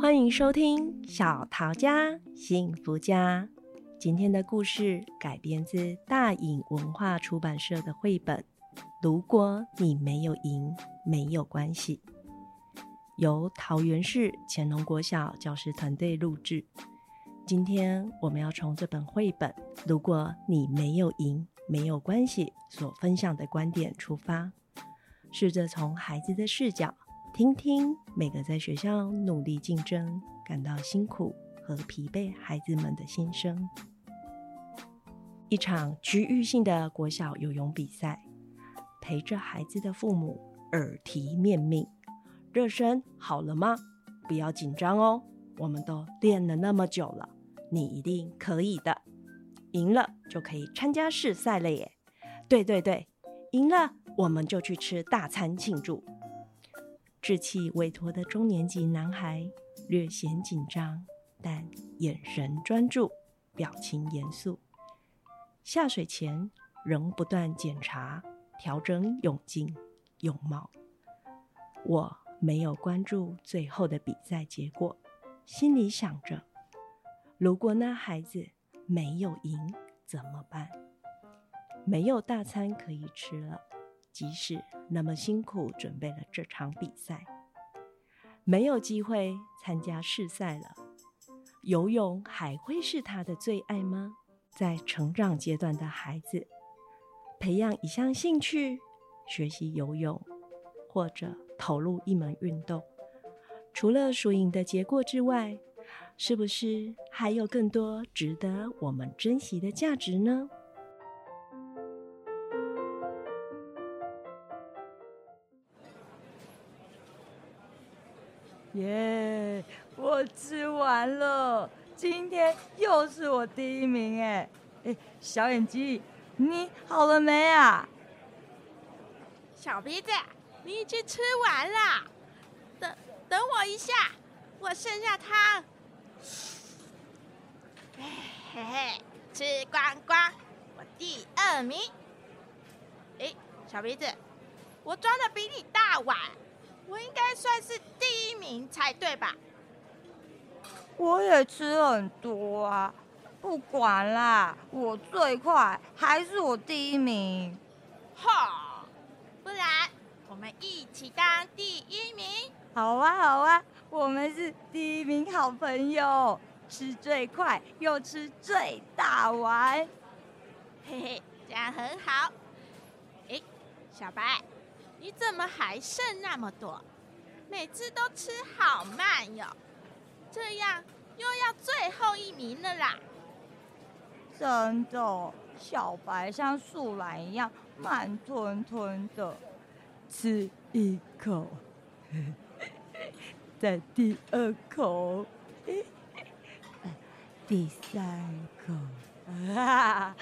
歡迎收聽《小桃家幸福家》。今天的故事改編自大穎文化出版社的繪本《如果你沒有贏，沒有關係》，由桃園市潛龍國小教師團隊錄製。今天我們要從這本繪本《如果你沒有贏，沒有關係》所分享的觀點出發，試着從孩子的視角。聽聽每個在學校努力競爭、感到辛苦和疲憊孩子們的心聲。一場區域性的國小游泳比賽，陪着孩子的父母耳提面命：熱身好了嗎？不要緊張哦，我們都練了那麼久了，你一定可以的。贏了就可以參加市賽了耶！對對對，贏了我們就去吃大餐慶祝。稚氣未脫的中年級男孩略顯緊張，但眼神專注，表情嚴肅。下水前仍不斷檢查、調整泳鏡、泳帽。我沒有關注最後的比賽結果，心裡想着：如果那孩子沒有贏怎麼辦？沒有大餐可以吃了。即使那麼辛苦準備了這場比賽，沒有機會參加試賽了，游泳還會是他的最愛嗎？在成長階段的孩子，培養一項興趣，學習游泳或者投入一門運動，除了輸贏的結果之外，是不是還有更多值得我們珍惜的價值呢？耶！Yeah, 我吃完了，今天又是我第一名哎！哎，小眼睛，你好了沒啊？小鼻子，你已經吃完了，等等我一下，我剩下湯。嘿嘿，吃光光，我第二名。哎，小鼻子，我裝的比你大碗。我應該算是第一名才對吧？我也吃了很多啊，不管啦，我最快，還是我第一名。哈，不然我們一起當第一名。好啊，好啊，我們是第一名好朋友，吃最快又吃最大碗，嘿嘿，這樣很好。哎、欸，小白。你怎麼還剩那麼多？每次都吃好慢喲，這樣又要最後一名了啦！真的，小白像樹懶一樣慢吞吞的，吃一口，再第二口，第三口，啊，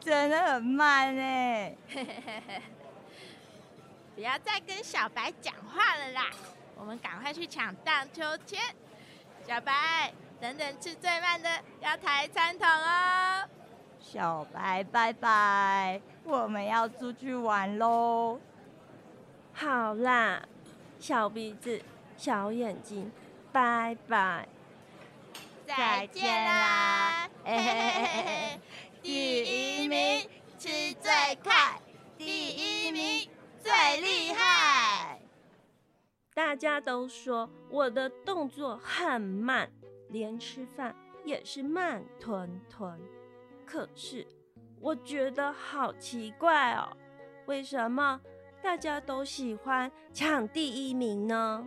真的很慢呢，欸。不要再跟小白講話了啦！我們趕快去搶盪秋千。小白，等等，吃最慢的要抬餐桶哦。小白，拜拜！我們要出去玩嘍。好啦，小鼻子，小眼睛，拜拜，再見啦！嘿嘿嘿，第一名，吃最快，第一名。最厲害！大家都說我的動作很慢，連吃飯也是慢吞吞。可是我覺得好奇怪哦，為什麼大家都喜歡搶第一名呢？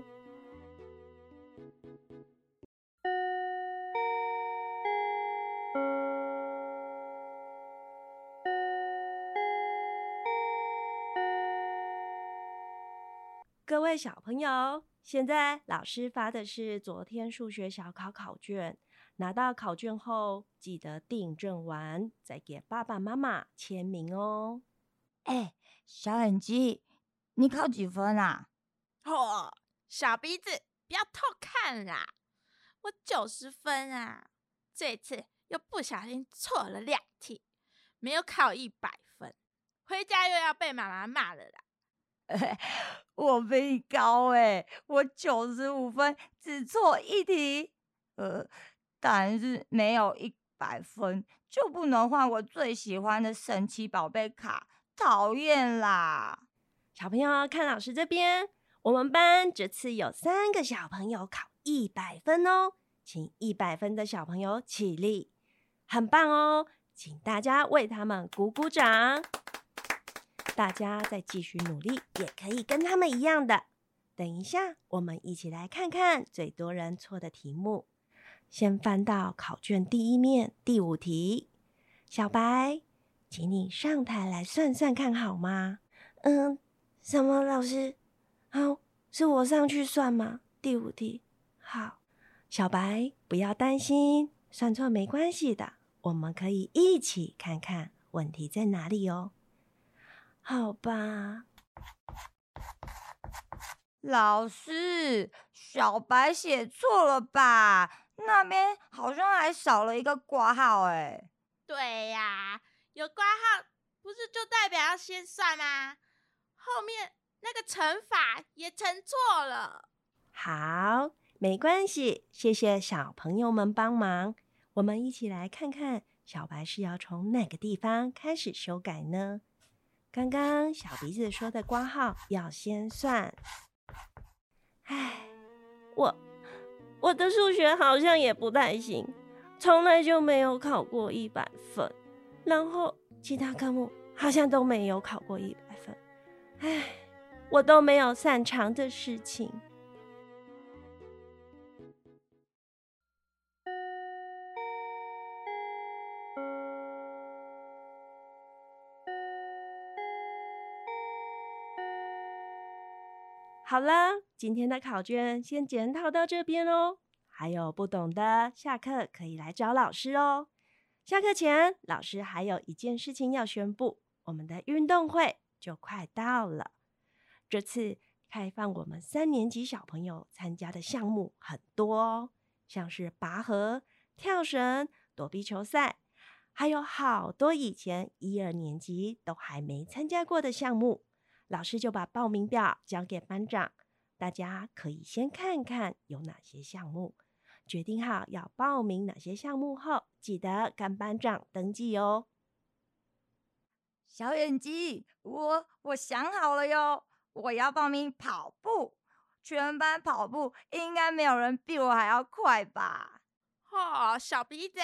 小朋友，現在老師發的是昨天數學小考考卷。拿到考卷後，記得訂正完再給爸爸媽媽簽名哦。哎、欸，小眼睛，你考幾分啊？哦，小鼻子，不要偷看啦！我九十分啊，這次又不小心錯了兩題，沒有考一百分，回家又要被媽媽罵了啦。 我比你高哎、欸，我九十五分，只錯一題，呃，但是沒有一百分，就不能換我最喜歡的神奇寶貝卡，討厭啦！小朋友看老師這邊，我們班這次有三個小朋友考一百分哦，請一百分的小朋友起立，很棒哦，請大家為他們鼓鼓掌。大家再繼續努力，也可以跟他們一樣的。等一下，我們一起來看看最多人錯的題目。先翻到考卷第一面第五題。小白，請你上台來算算看好嗎？嗯，什麼，老師？好，是我上去算嗎？第五題。好，小白不要擔心，算錯沒關係的，我們可以一起看看問題在哪裡哦。好吧，老師，小白寫錯了吧？那邊好像還少了一個括號哎、欸。對呀、啊，有括號不是就代表要先算嗎？後面那個乘法也乘錯了。好，沒關係，謝謝小朋友們幫忙。我們一起來看看小白是要從哪個地方開始修改呢？剛剛小鼻子說的括號，要先算。唉，我我的數學好像也不太行，從來就沒有考過一百分。然後其他科目好像都沒有考過一百分。唉，我都沒有擅長的事情。好了，今天的考卷先檢討到這邊哦。還有不懂的，下課可以來找老師哦。下課前，老師還有一件事情要宣布，我們的運動會就快到了。這次開放我們三年級小朋友參加的項目很多哦，像是拔河、跳繩、躲避球賽，還有好多以前一二年級都還沒參加過的項目。老師就把報名表交給班長，大家可以先看看有哪些項目，決定好要報名哪些項目後，記得跟班長登記哦。小眼睛，我我想好了喲，我要報名跑步。全班跑步，應該沒有人比我還要快吧？哈，小鼻子，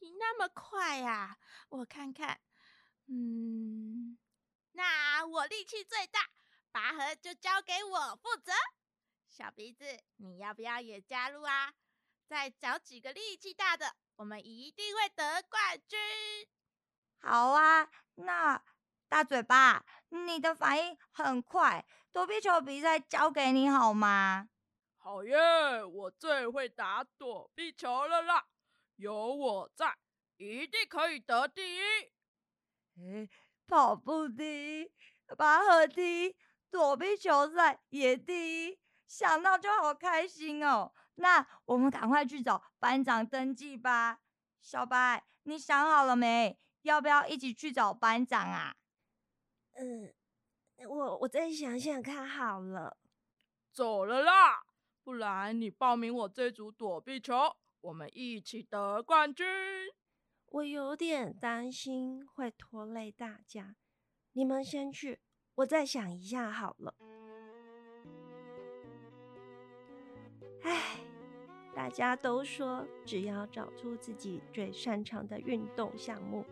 你那麼快呀？我看看，嗯。我力氣最大，拔河就交給我負責。小鼻子，你要不要也加入啊？再找幾個力氣大的，我們一定會得冠軍。好啊，那大嘴巴，你的反應很快，躲避球比賽交給你好嗎？好耶，我最會打躲避球了啦！有我在，一定可以得第一。哎、欸，跑步第一。拔河第一，躲避球賽也第一，想到就好開心哦。那我們趕快去找班長登記吧。小白，你想好了沒？要不要一起去找班長啊？嗯，我我再想想看好了。走了啦，不然你報名我這組躲避球，我們一起得冠軍。我有點擔心會拖累大家，你們先去。我再想一下好了。唉，大家都說只要找出自己最擅長的運動項目，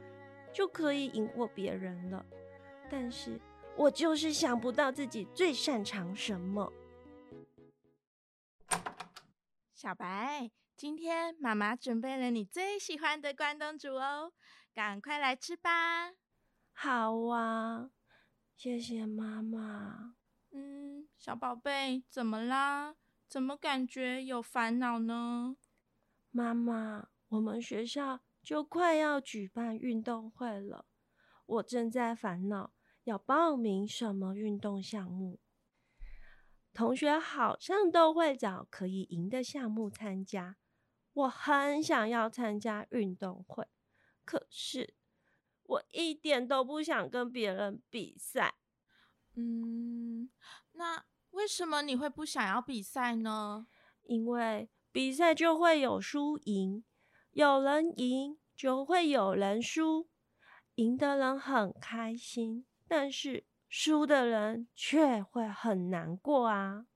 就可以贏過別人了。但是我就是想不到自己最擅長什麼。小白，今天媽媽準備了你最喜歡的關東煮哦，趕快來吃吧！好啊。謝謝媽媽。嗯，小寶貝，怎麼啦？怎麼感覺有煩惱呢？媽媽，我們學校就快要舉辦運動會了，我正在煩惱，要報名什麼運動項目。同學好像都會找可以贏的項目參加，我很想要參加運動會，可是。我一點都不想跟別人比賽。嗯，那為什麼你會不想要比賽呢？因為比賽就會有輸贏，有人贏就會有人輸，贏的人很開心，但是輸的人卻會很難過啊。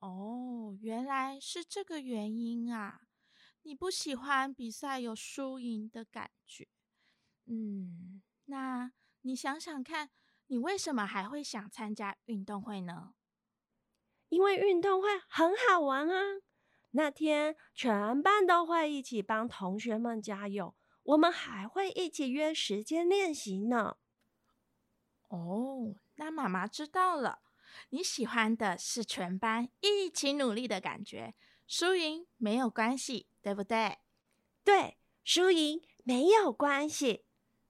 哦，原來是這個原因啊，你不喜歡比賽有輸贏的感覺。嗯，那你想想看，你為什麼還會想參加運動會呢？因為運動會很好玩啊！那天全班都會一起幫同學們加油，我們還會一起約時間練習呢。哦，那媽媽知道了，你喜歡的是全班一起努力的感覺，輸贏沒有關係，對不對？對，輸贏沒有關係。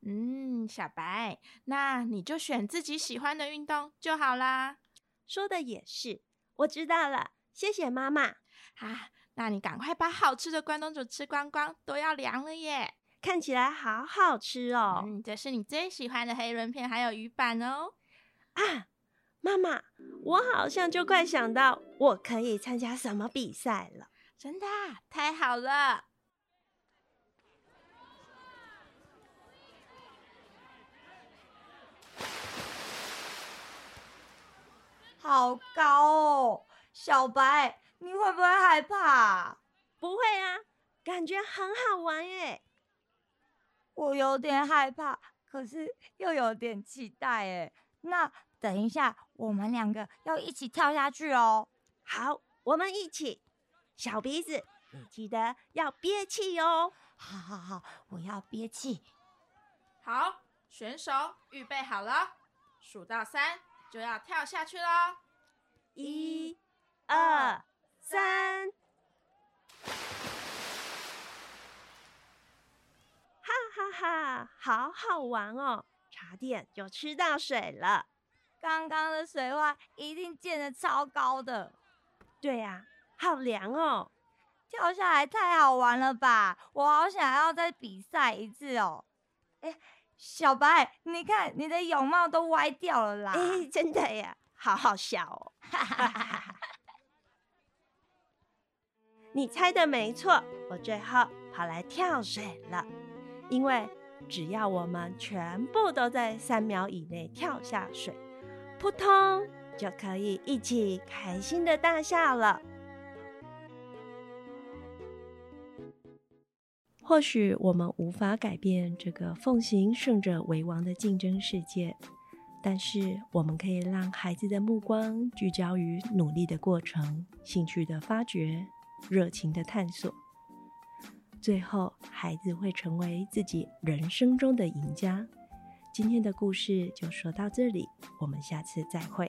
嗯，小白，那你就選自己喜歡的運動就好啦。說的也是，我知道了，謝謝媽媽。啊，那你趕快把好吃的關東煮吃光光，都要涼了耶！看起來好好吃哦。嗯，這是你最喜歡的黑輪片，還有魚板哦。啊，媽媽，我好像就快想到我可以參加什麼比賽了。真的啊？太好了！好高哦，小白，你會不會害怕？不會啊，感覺很好玩耶。我有點害怕，可是又有點期待耶。那等一下我們兩個要一起跳下去哦。好，我們一起。小鼻子，你記得要憋氣哦。好好好，我要憋氣。好，選手預備好了，數到三。就要跳下去嘍！一、二、三！哈，哈哈哈，好好玩哦！差點就吃到水了。剛剛的水花一定濺的超高的。對呀、啊，好涼哦！跳下來太好玩了吧！我好想要再比賽一次哦。哎。小白，你看你的泳帽都歪掉了啦！欸，真的呀，好好笑哦！ 你猜的沒錯，我最後跑來跳水了，因為只要我們全部都在三秒以內跳下水，撲通就可以一起開心的大笑了。或許我們無法改變這個奉行勝者為王的競爭世界，但是我們可以讓孩子的目光聚焦於努力的過程、興趣的發掘、熱情的探索。最後，孩子會成為自己人生中的贏家。今天的故事就說到這裡，我們下次再會。